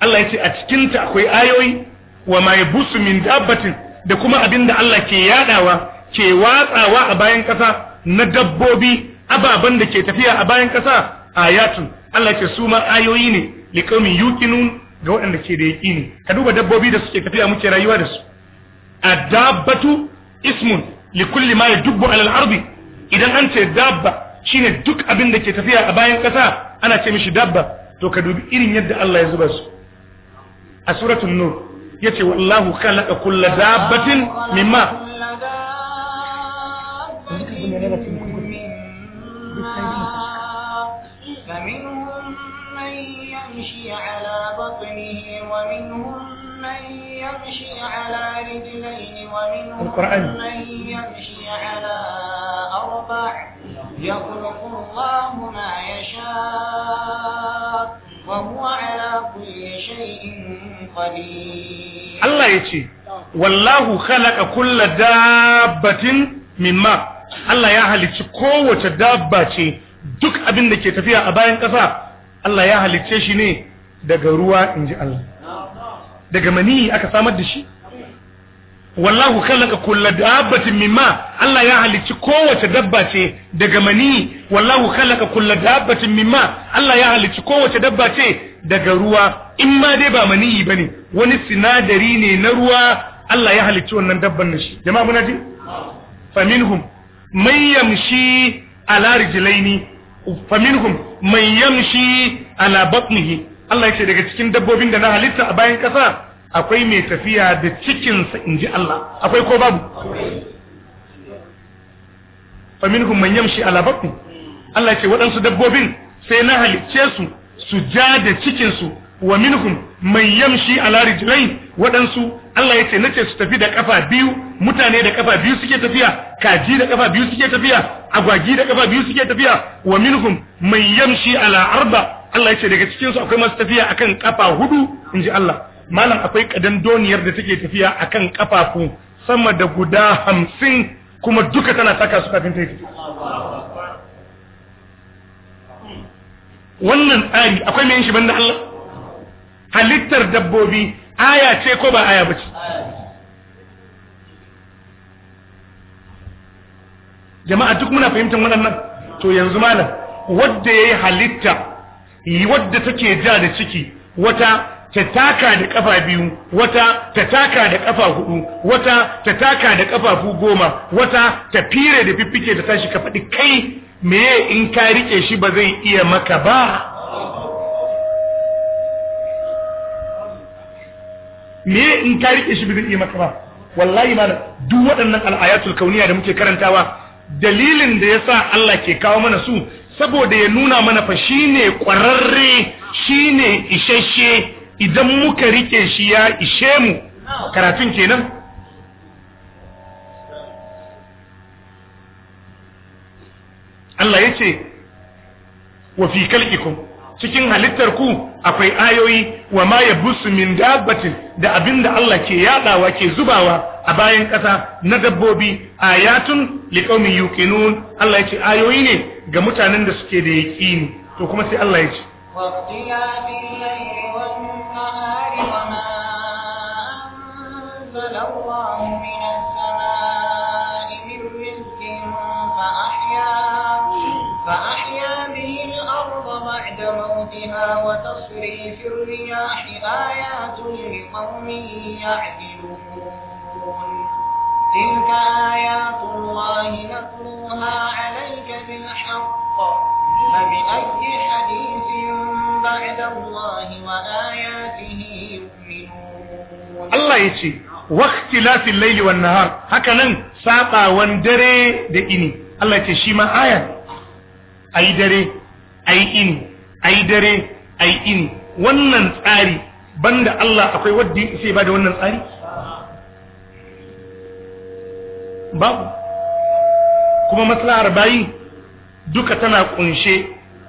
Allah yace ce a cikinta akwai ayoyi wa ma yabusu min dabbatin da kuma abinda Allah ke yadawa ke watsawa a bayan kasa na dabbobi ababan da ke tafiya a bayan kasa ayatun Allah ce su ma ayoyi ne liqaumin yuqinun ga waɗanda ke da yaqini ka duba dabbobi da suke tafiya muke rayuwa da su adabatu ismun لكل ما يدب على الأرض إذا أنت دابة شين الدك أبندك تفيا أباين كسا أنا تمشي دابة تو كدوب إرين يد الله يزبس أسورة النور يتي والله خلق كل دابة مما فمنهم من يمشي على بطنه ومنهم من يمشي على رجلين ومنهم من يمشي على أربع يخلق الله ما يشاء وهو على كل شيء قدير الله يجي والله خلق كل دابة من ماء Allah ya halicci kowace dabba ce duk abin da ke tafiya a bayan ƙasa Allah ya halicce shi ne daga ruwa in ji Allah daga maniyi aka samar da shi wallahu khalaqa kulla dabbatin mimma Allah ya halicci kowace dabba ce daga mani wallahu khalaqa kulla dabbatin mimma Allah ya halicci kowace dabba ce daga ruwa in ma dai ba mani bane wani sinadari ne na ruwa Allah ya halicci wannan dabban nan shi jama'a muna ji faminhum man yamshi ala rijlaini faminhum man yamshi ala batnihi Allah ya ce daga cikin dabbobin da na halitta a bayan ƙasa akwai mai tafiya da cikinsa in ji Allah akwai ko babu faminhum man yamshi ala batni Allah ya ce waɗansu dabbobin sai na halicce su su ja da cikinsu wa minhum man yamshi ala rijlain waɗansu Allah ya ce nace su tafi da kafa biyu mutane da kafa biyu suke tafiya kaji da kafa biyu suke tafiya agwagi da kafa biyu suke tafiya wa minhum man yamshi ala arba Allah ya ce daga cikin su akwai masu tafiya akan kafa hudu in ji Allah malam akwai kadan doniyar da take tafiya akan kafafu sama da guda hamsin kuma duka tana taka su kafin ta yi wannan ayi akwai mai shi banda Allah halittar dabbobi aya ce ko ba aya bace jama'a duk muna fahimtar waɗannan to yanzu malam wanda yi halitta wadda take ja da ciki wata ta taka da kafa biyu wata ta taka da kafa hudu wata ta taka da kafafu goma wata ta fire da fiffike ta tashi ka faɗi kai meye in ka rike shi ba zai iya maka ba meye in ka rike shi ba zai iya maka ba wallahi ma duk waɗannan al'ayatul kauniya da muke karantawa dalilin da yasa Allah ke kawo mana su saboda ya nuna mana fa shine kwararre shine isasshe idan muka rike shi ya ishe mu karatun kenan Allah yace wa fi kalqikum cikin halittar ku akwai ayoyi wa ma yabusu min dabbatin da abinda Allah ke yadawa ke zubawa a bayan ƙasa na dabbobi ayatun liqaumin yuqinun Allah yace ayoyi ne ga mutanen da suke da yaqini to kuma sai Allah ya ce فأحيا به الأرض بعد موتها وتصريف الرياح آيات لقوم يعقلون تلك آيات الله نتلوها فبأي حديث بعد الله وآياته يؤمنون الله يجي واختلاف الليل والنهار هكذا ساقا واندري دئني الله يجي شيما آية أي دري أي إني أي دري أي إني wannan tsari banda Allah akwai wadda sai ba da wannan tsari babu kuma maslahar bayi duka tana kunshe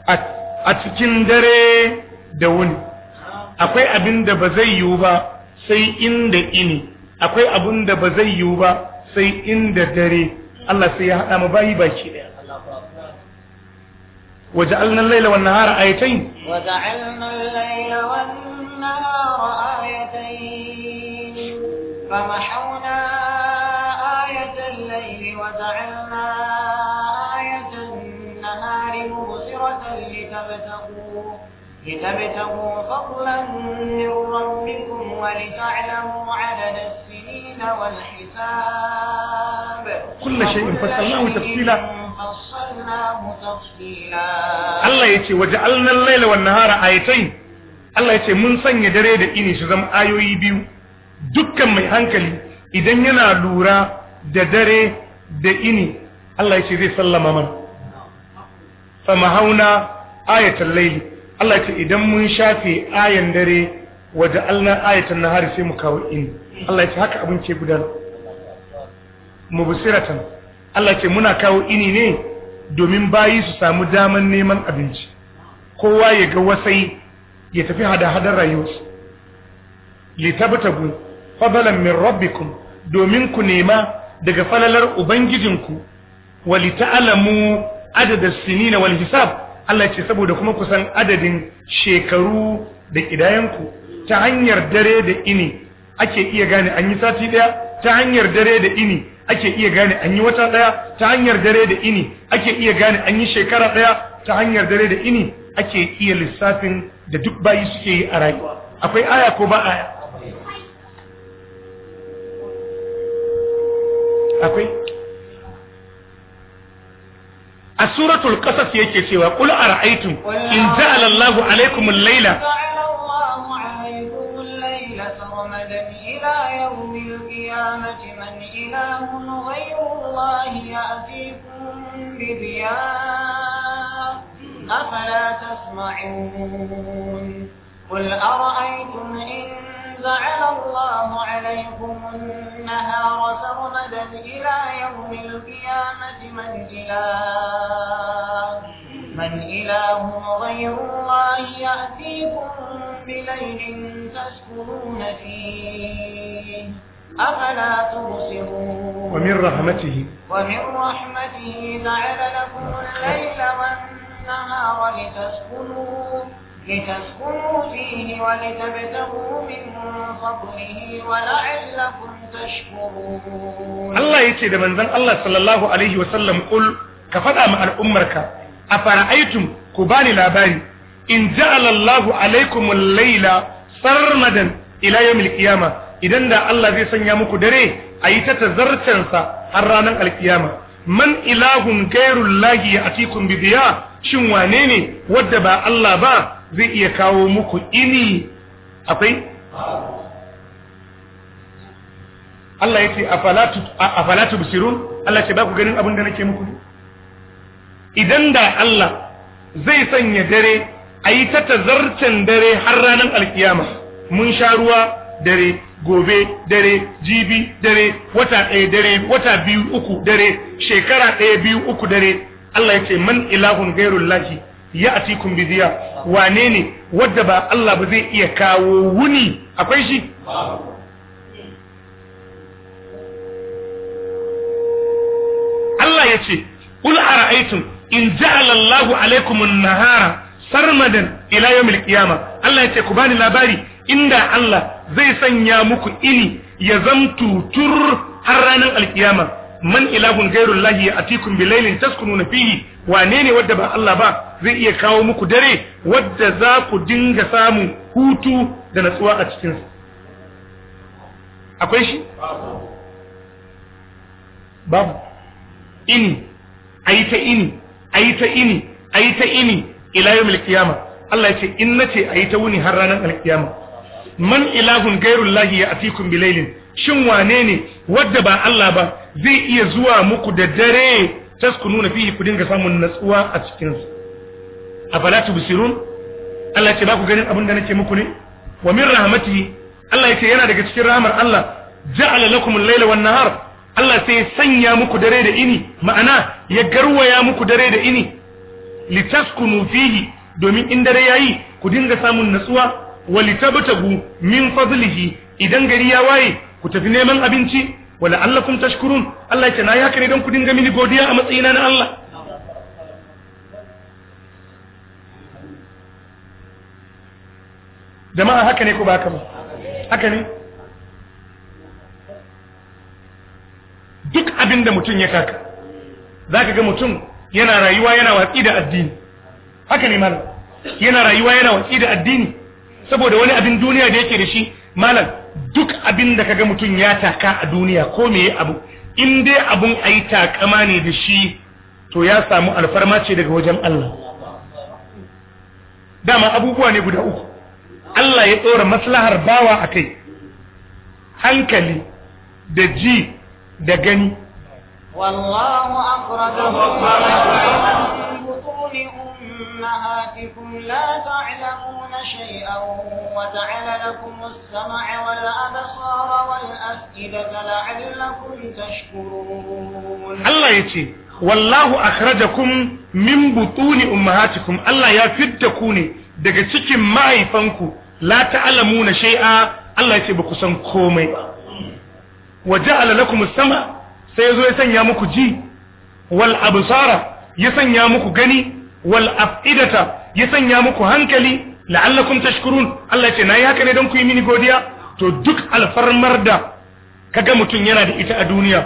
a cikin dare da wuni akwai abin da ba zai yiwu ba sai inda ini akwai abin da ba zai yiwu ba sai inda dare Allah sai ya hada mu bayi baki daya وجعلنا الليل والنهار آيتين وجعلنا الليل والنهار آيتين فمحونا آية الليل وجعلنا آية والنهار مبصرة لتبتغوا لتبتغوا فضلا من ربكم ولتعلموا عدد السنين والحساب كل شيء فصلناه تفصيلا فصلناه تفصيلا الله يتي وجعلنا الليل والنهار آيتين Allah ya ce mun sanya dare da ini su zama ayoyi biyu dukkan mai hankali idan yana lura da dare da ini Allah ya ce zai sallama mana famahauna ayatul laili Allah ce idan mun shafe ayan dare wada alna ayatan nahari sai mu kawo in Allah ce haka abin ke gudan mubsiratan Allah ce muna kawo ini ne domin bayi su samu daman neman abinci kowa ya ga wasai ya tafi hada-hadar rayuwarsu litabtagu fadalan min rabbikum domin ku nema daga falalar ubangijinku wa lita'lamu adada sinina wal hisab Allah ce saboda kuma kusan adadin shekaru da kidayanku ta hanyar dare da ini ake iya gane an yi sati daya ta hanyar dare da ini ake iya gane an yi wata daya ta hanyar dare da ini ake iya gane an yi shekara daya ta hanyar dare da ini ake iya lissafin da duk bayi suke yi a rayuwa akwai aya ko ba aya akwai a suratul qasas yake cewa qul ara'aytum in ja'ala Allahu alaykum al-laila إلى يوم القيامة من إله غير الله يأتيكم بضياء أفلا تسمعون قل أرأيتم إن جعل الله عليكم النهار سرمدا إلى يوم القيامة من إله من إله غير الله يأتيكم بليل تسكنون فيه أفلا تبصرون ومن رحمته ومن رحمته جعل لكم الليل والنهار لتسكنوا لتسكنوا فيه ولتبتغوا من فضله ولعلكم تشكرون الله يتي ده منزل الله صلى الله عليه وسلم قل كفدا مع الأمرك أفرأيتم كباني لاباري إن جعل الله عليكم الليل سرمدا إلى يوم القيامة إذن ده الله زي سنيا مكو دري أي تتزرتنسا الرانا القيامة من إله غير الله يأتيكم بضياء شنوانيني ودبا الله با zai iya kawo muku ini akwai Allah ya ce a Falatu tubsirun Allah ce ba ku ganin abin da nake muku idan da Allah zai sanya dare a yi ta tazarcen dare har ranar alkiyama mun sha ruwa dare gobe dare jibi dare wata ɗaya dare wata biyu uku dare shekara ɗaya biyu uku dare Allah ya ce man ilahun gairun lahi ya a cikin biziya wane ne wadda ba Allah ba zai iya kawo wuni akwai shi Allah ya ce a ara'aytum in ji Allahu alaykum nahara sarmadan ilayen milkiyama, Allah ya ce ku bani labari inda Allah zai sanya muku ini ya zamtutur tur har ranar alkiyama man ilahun gairun lahi a tikun bilailin taskunu na fihi wane ne wadda ba Allah ba zai iya kawo muku dare wadda za ku dinga samun hutu da natsuwa a cikinsu? akwai shi? babu ini a yi ta ini a yi ta ini a yi ta ini ilayen milkiyama. Allah ya ce in na ce a yi ta wuni har ranar alkiyama man ilahun gairun lahi a tikun bilailin shin wane ne wadda ba Allah ba zai iya zuwa muku da dare nuna fihi ku dinga samun natsuwa a cikin A Falatu Bisirun, Allah ce ba ku ganin abin da nake muku ne wa min rahmatihi Allah yace yana daga cikin rahmar Allah ja'ala lakum al-laila wan nahar Allah sai ya sanya muku dare da ini ma'ana ya garwaya muku dare da ini litaskunu fihi domin in dare yayi ku dinga samun natsuwa wa litabtagu min fadlihi idan gari ya waye ku tafi neman abinci wala kun tashkurun Allah ya ce na yi haka ne don ku dinga mini godiya a matsayina na Allah jama'a haka ne ku ba haka ba haka ne duk abin da mutum ya kaka za ka ga mutum yana rayuwa yana watsi da addini haka ne malam yana rayuwa yana watsi da addini saboda wani abin duniya da yake da shi malam duk abin da kaga mutum ya taka a duniya ko me abu in dai abun ayi takama ne da shi to ya samu alfarma ce daga wajen Allah dama abubuwa ne guda uku Allah ya tsora maslahar bawa a kai hankali da ji da gani wallahu أمهاتكم لا تعلمون شيئا وجعل لكم السمع والأبصار والأسئلة لعلكم تشكرون الله يتي والله أخرجكم من بطون أمهاتكم الله يفدكوني دك سكي معي فانكو لا تعلمون شيئا الله يتي بقسم كومي وجعل لكم السمع سيزو يسن يامكو جي والأبصار يسن يامكو جني wal afidata ya sanya muku hankali La'allakun tashkurun Allah ce na yi haka ne don ku yi mini godiya to duk alfarmar da kaga mutum yana da ita a duniya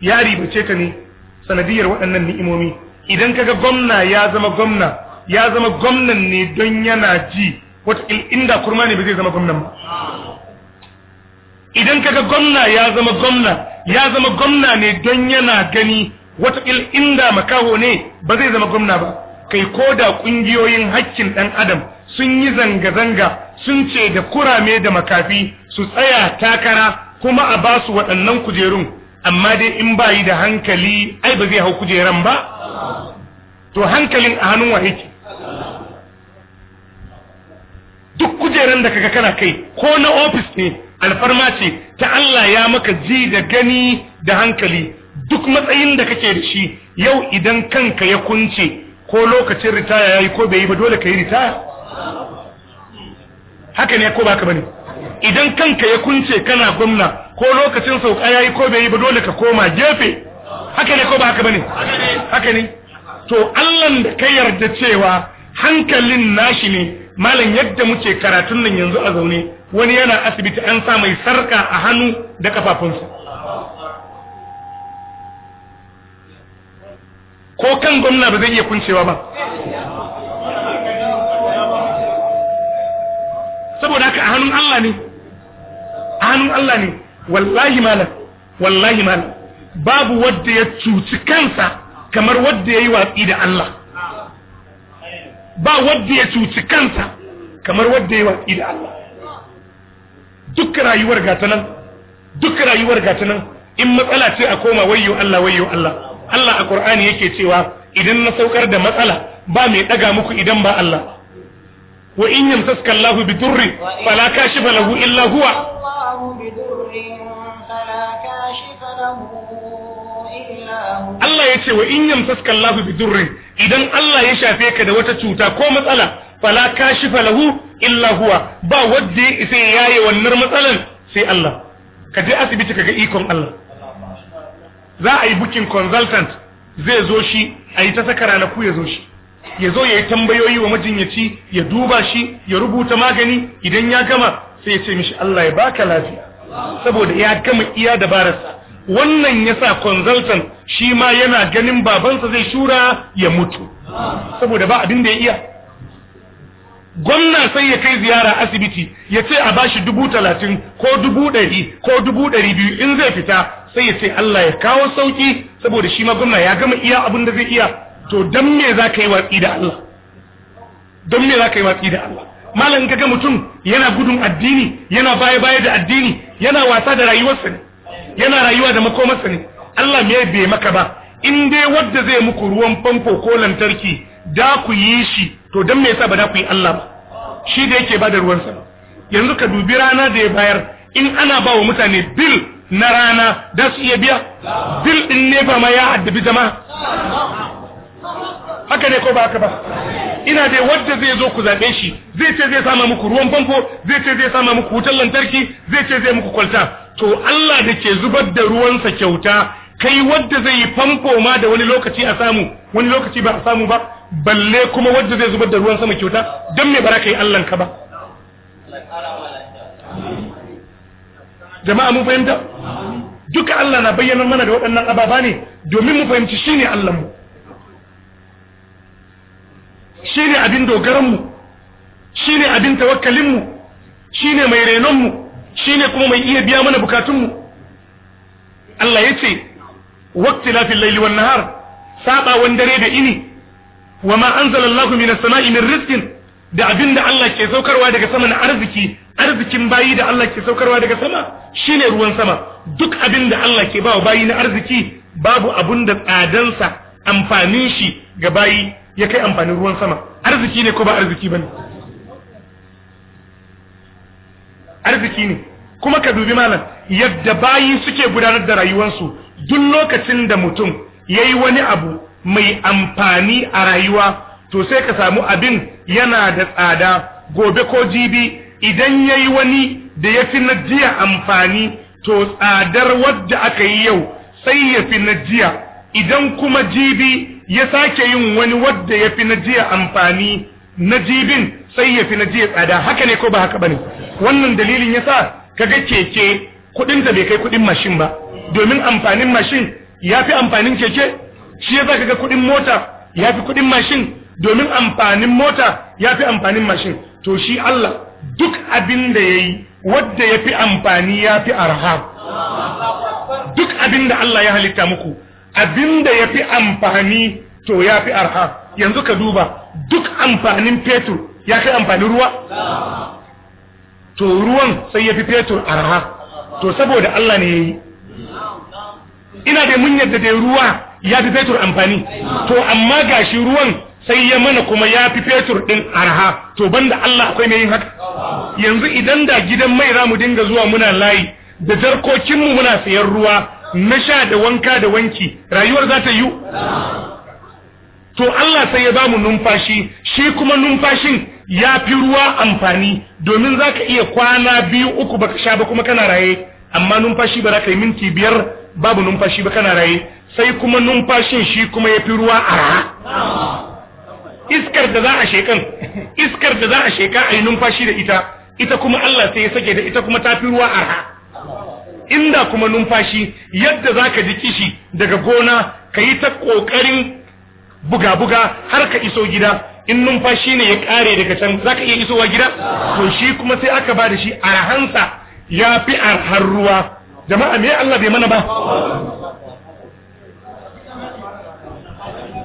ya ribace ka ne sanadiyar waɗannan ni'imomi idan kaga gwamna ya zama gwamna ya zama gwamnan ne don yana ji wata inda kurma ne ba zai zama gwamnan ba idan kaga gwamna ya zama gwamna ya zama gwamna ne don yana gani wata inda makaho ne ba zai zama gwamna ba kai ko da ƙungiyoyin haƙƙin ɗan adam sun yi zanga-zanga sun ce da kurame da makafi su tsaya takara kuma a ba su waɗannan kujerun amma dai in ba yi da hankali ai ba zai hau kujeran ba to hankalin a hannun wa yake duk kujeran da kaga kana kai ko na ofis ne alfarma ce ta Allah ya maka ji da gani da hankali duk matsayin da kake da shi yau idan kanka ya kunce ko lokacin ritaya yayi ko bai yi ba dole ka yi ritaya haka ne ko baka bane idan kanka ya kunce kana gwamna ko lokacin sauka yayi ko bai yi ba dole ka koma gefe haka ne ko ba haka bane haka ne to Allah da ka yarda cewa hankalin nashi ne malam yadda muke karatun nan yanzu a zaune wani yana asibiti an sa mai sarka a hannu da kafafunsa ko kan gwamna ba zai iya kuncewa ba saboda haka a hannun Allah ne a hannun Allah ne wallahi malam wallahi malam babu wadda ya cuci kansa kamar wadda ya yi watsi da Allah ba wadda ya cuci kansa kamar wadda ya yi watsi da Allah duk rayuwar gatanan duk rayuwar gatanan in matsala ce a koma wayyo Allah wayyo Allah Allah a Qur'ani yake cewa idan na saukar da matsala ba mai daga muku idan ba Allah wa in yamsaka Allahu bi durri fala kashifa lahu illa huwa Allah ya ce wa in yamsaka Allahu bi durri idan Allah ya shafe ka da wata cuta ko matsala fala kashifa lahu illa huwa ba wanda ya isa wannan matsalan sai Allah ka je asibiti kaga ikon Allah za a yi bukin consultant zai zo shi a yi ta na ku ya zo shi ya zo ya yi tambayoyi wa majinyaci ya duba shi ya rubuta magani idan ya gama sai ya ce mishi Allah ya baka lafiya saboda ya gama iya dabararsa wannan yasa consultant shi ma yana ganin babansa zai shura ya mutu saboda ba abin da ya iya gwamna sai ya kai ziyara asibiti ya ce a bashi dubu talatin ko dubu ɗari ko dubu ɗari biyu in zai fita sai ya ce Allah ya kawo sauki saboda shi ma gwamna ya gama iya abin da zai iya to don me za ka yi watsi da Allah don me za ka yi watsi da Allah malam ka ga mutum yana gudun addini yana baya baya da addini yana wasa da rayuwarsa ne yana rayuwa da makomarsa ne Allah me bai maka ba in dai wadda zai muku ruwan famfo ko lantarki da ku yi shi to don me yasa ba da ku yi Allah ba shi da yake bada ruwan sa yanzu ka dubi rana da ya bayar in ana ba wa mutane bil na rana da su iya biya bil din ne ba ma ya addabi jama. haka ne ko ba haka ba ina dai wadda zai zo ku zaɓe shi zai ce zai sama muku ruwan famfo zai ce zai sama muku wutar lantarki zai ce zai muku kwalta to Allah da ke zubar da ruwansa kyauta kai wadda zai yi famfo ma da wani lokaci a samu wani lokaci ba a samu ba balle kuma wadda zai zubar da ruwan sama kyauta don mai baraka yi allan ka ba jama'a mu fahimta duka allah na bayyana mana da waɗannan ababa ne domin mu fahimci ne allahnmu ne abin dogaranmu ne abin tawakkalinmu ne mai renonmu ne kuma mai iya biya mana bukatun bukatunmu allah ya ce waktilafin laili wan nahar saɓa wan dare da ini wa ma anzalallahu minas sama'i min rizqin da abin da Allah ke saukarwa daga sama na arziki arzikin bayi da Allah ke saukarwa daga sama shine ruwan sama duk abin da Allah ke bawa bayi na arziki babu abun da tsadansa amfanin shi ga bayi ya kai amfanin ruwan sama arziki ne ko ba arziki bane arziki ne kuma ka dubi malam yadda bayi suke gudanar da rayuwarsu duk lokacin da mutum yayi wani abu mai amfani a rayuwa to sai ka samu abin yana da tsada gobe ko jibi idan yayi wani da ya fi na jiya amfani to tsadar wadda aka yi yau sai ya fi na idan kuma jibi ya sake yin wani wadda ya fi na jiya amfani na jibin sai ya fi na jiya tsada haka ne ko ba haka bane wannan dalilin yasa kaga keke kudin ta bai kai kudin mashin ba domin amfanin mashin ya fi amfanin keke shi zaka ga kuɗin mota ya fi kuɗin mashin domin amfanin mota ya fi amfanin mashin to shi Allah duk abin da ya yi wadda ya fi amfani ya fi arha duk abin da Allah ya halitta muku abin da ya fi amfani to ya fi arha yanzu ka duba duk amfanin fetur ya fi amfani ruwa to ruwan sai ya fi fetur arha to saboda Allah ne ya yi ina da mun da ruwa ya fi fetur amfani to amma gashi ruwan sai ya mana kuma ya fi fetur ɗin arha to banda Allah akwai mai yin haka yanzu idan da gidan mai za mu dinga zuwa muna layi da mu muna sayan ruwa na sha da wanka da wanki rayuwar za ta yi to Allah sai ya bamu numfashi shi kuma numfashin ya fi ruwa amfani domin za ka iya kwana biyu uku baka sha ba kuma kana raye amma numfashi ba za ka yi minti biyar babu numfashi ba kana raye sai kuma numfashin shi kuma ya fi ruwa a ra iskar da za a shekan iskar da za a sheka a yi numfashi da ita ita kuma Allah sai ya sake da ita kuma ta fi ruwa a arha inda kuma numfashi yadda za ka ji kishi daga gona ka yi ta ƙoƙarin buga-buga har ka iso gida in numfashi ne ya ƙare daga can za ka iya isowa gida to shi kuma sai aka ba da shi arhansa ya fi arhar ruwa jama'a me Allah bai mana ba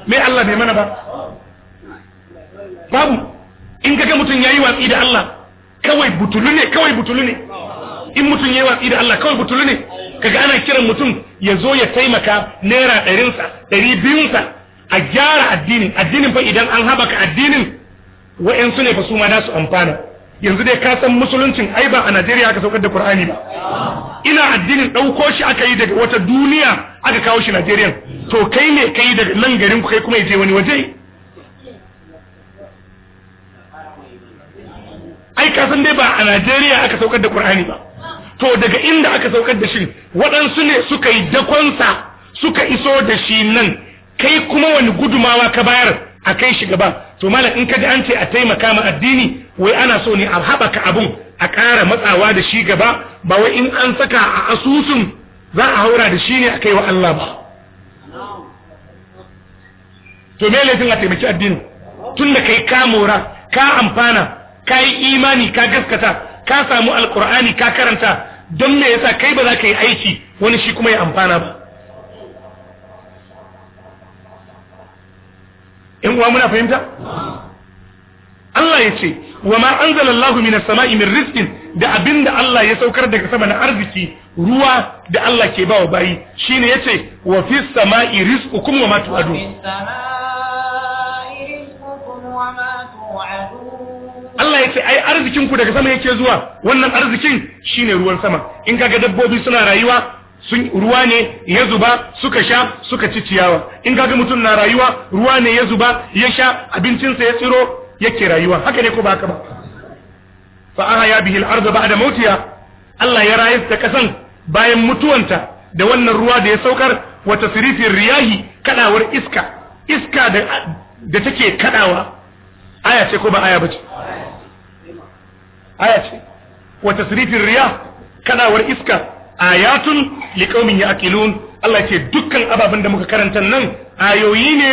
me Allah bai mana ba babu in kaga mutum yayi watsi da Allah kawai butulu ne kawai butulu ne in mutum yayi watsi da Allah kawai butulu ne kaga ana kiran mutum ya zo ya taimaka naira ɗarinsa ɗari biyunsa a gyara addinin addinin fa idan an haɓaka addinin wa'yansu ne fa su ma da su amfana yanzu dai ka san musuluncin ai ba a Najeriya aka saukar da Qur'ani ba ina addinin dauko shi aka yi daga wata duniya aka kawo shi Najeriya to kai ne kai daga nan garin ku kai kuma yaje wani waje ai ka san dai ba a Najeriya aka saukar da Qur'ani ba to daga inda aka saukar da shi waɗansu ne suka yi dakonsa suka iso da shi nan kai kuma wani gudumawa ka bayar a kai shi gaba to malam in ka ji an ce a taimaka ma addini wai ana so ne a haɓaka abun a ƙara matsawa da shi gaba ba wai in an saka a asusun za a haura da shi ne a kai wa Allah ba to me laifin a taimaki addini tun da kai ka mora ka amfana ka yi imani ka gaskata ka samu alkur'ani ka karanta don me yasa kai ba za ka yi aiki wani shi kuma ya amfana ba in uwa muna fahimta Allah ya ce wa ma anzalallahu minas sama'i min rizqin da abinda Allah ya saukar daga sama na arziki ruwa da Allah ke bawa bayi shine yace wa fis sama'i rizqukum wa ma tu'adun Allah yace ai arzikin ku daga sama yake zuwa wannan arzikin shine ruwan sama in kaga dabbobi suna rayuwa sun ruwa ne ya zuba suka sha suka ci ciyawa in kaga mutum na rayuwa ruwa ne ya zuba ya sha abincinsa ya tsiro yake rayuwa haka ne ko ba haka ba fa ahya bihi al-ardh ba'da mautiha Allah ya rayar da kasan bayan mutuwanta da wannan ruwa da ya saukar wa tasrifin riyahi kadawar iska iska da da take kadawa aya ce ko ba aya bace aya ce wa tasrifin riyah kadawar iska ayatun liqaumin yaqilun Allah ce dukkan ababen da muka karanta nan ayoyi ne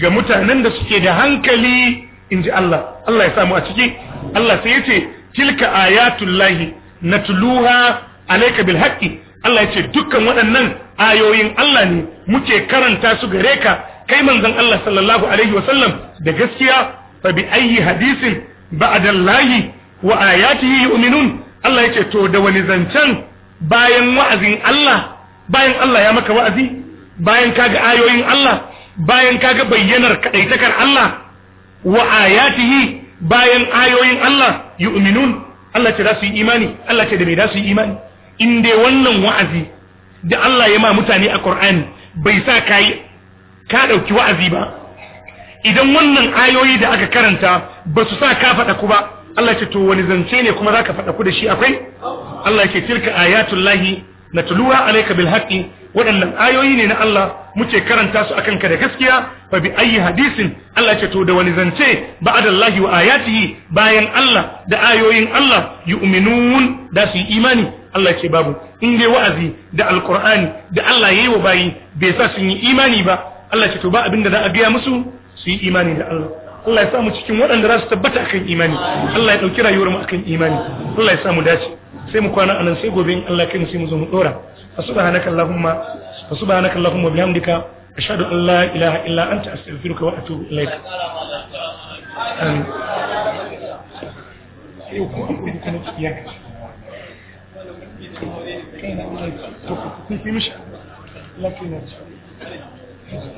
ga mutanen da suke da hankali in ji Allah Allah ya samu a ciki Allah sai ya ce tilka na natluha alayka bil haqqi Allah ya ce dukkan waɗannan ayoyin Allah ne muke karanta su gare ka kai manzon Allah sallallahu alaihi wa sallam da gaskiya fa bi ayyi hadisin lahi wa ayatihi yu'minun Allah ya ce to da wani zancen bayan wa'azin Allah bayan Allah ya maka wa'azi bayan kaga ayoyin Allah bayan kaga bayyanar kaɗaitakar Allah wa ayatihi bayan ayoyin Allah yu'minun Allah ce za su yi imani Allah ce da me za su yi imani in dai wannan wa'azi da Allah ya ma mutane a Qur'ani bai sa kai ka dauki wa'azi ba idan wannan ayoyi da aka karanta ba su sa ka fada ku ba Allah ce to wani zance ne kuma zaka fada ku da shi akwai Allah ce tilka ayatul lahi natluha alayka bil haqqi waɗannan ayoyi ne na Allah muke karanta su akan ka da gaskiya fa bi ayi hadisin Allah ce to da wani zance ba'adallahi wa ayatihi bayan Allah da ayoyin Allah yu'minun da su imani Allah ce babu in dai wa'azi da alqur'ani da Allah yayi wa bayi bai sa su yi imani ba Allah ce to ba abinda za a gaya musu su yi imani da Allah Allah ya samu cikin waɗanda za su tabbata akan imani Allah ya ɗauki rayuwar mu akan imani Allah ya samu dace sai mu kwana anan sai gobe in Allah kai mu sai mu zo mu ɗora فسبحانك اللهم فسبحانك اللهم وبحمدك أشهد أن لا إله إلا أنت أستغفرك وأتوب إليك آمين لكن